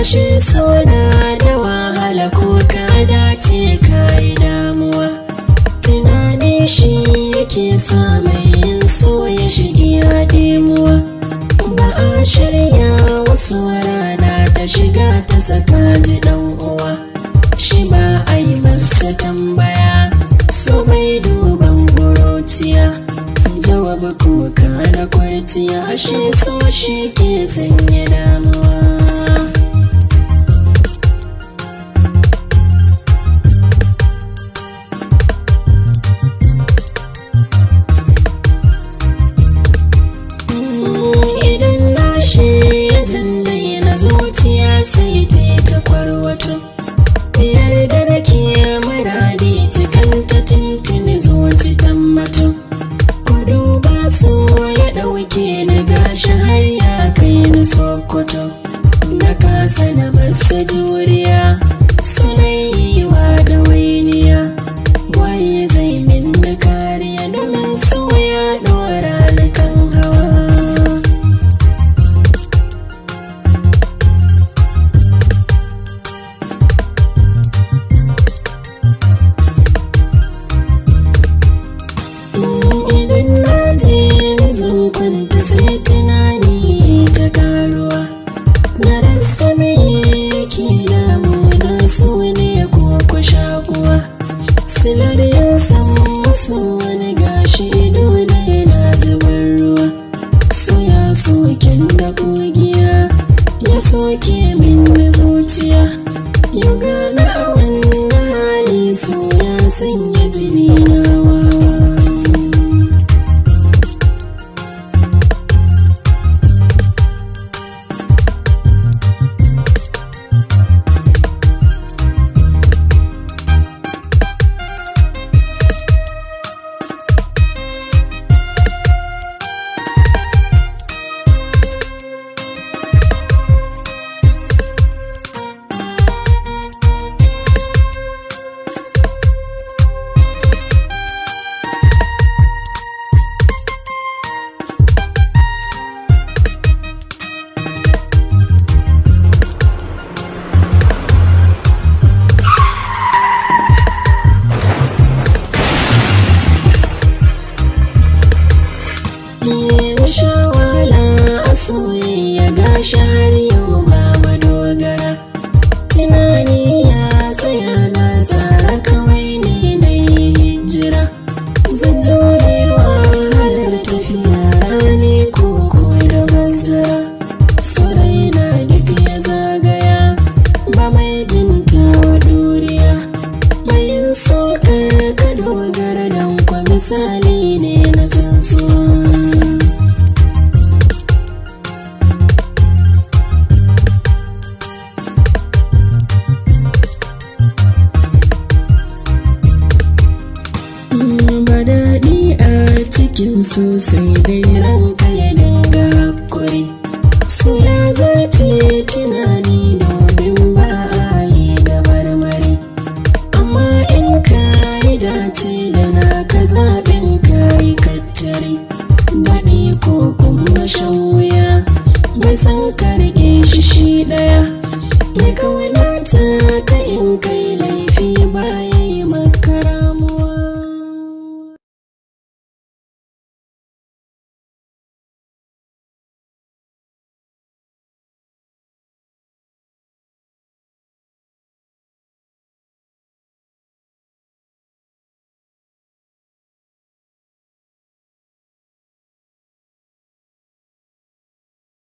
Kashin sona da wahala ko ka dace ka yi damuwa tunani shi yake sa mai yin so ya shige damuwa ba a shirya wasu rana ta shiga ta saka ji dan uwa shi ba a yi masa tambaya so bai duban gurutiya jawabi kuka na kwartiya shi so shi ke sanya damuwa sai ta kwarwato yarda da ke muradi cikin ta tintini zuci tammato ku duba so ya ɗauke na gashi har ya kai na sokoto na kasa na masa juriya soyayya sirrin san musu wani gashi dole yana zubar ruwa so ya soken da kogiya ya soke min da zuciya ya gana a wannan hali so ya sanya jini na shawala a soyayya ga shari yau ba madogara tunani ya tsaya na misali ne na san su daɗi a cikin sosai dai ranka zaɓin kayi kattari daɗi ko kuma shan wuya bai san ka shi shi ɗaya mai kawana ta ta